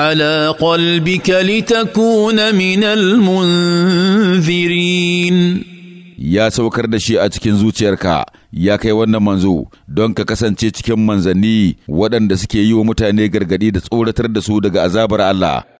على قلبك لتكون من المنذرين ya saukar da shi a cikin zuciyarka ya kai wannan manzo don ka kasance cikin manzanni waɗanda suke yi wa mutane gargaɗi da tsoratar da su daga azabar Allah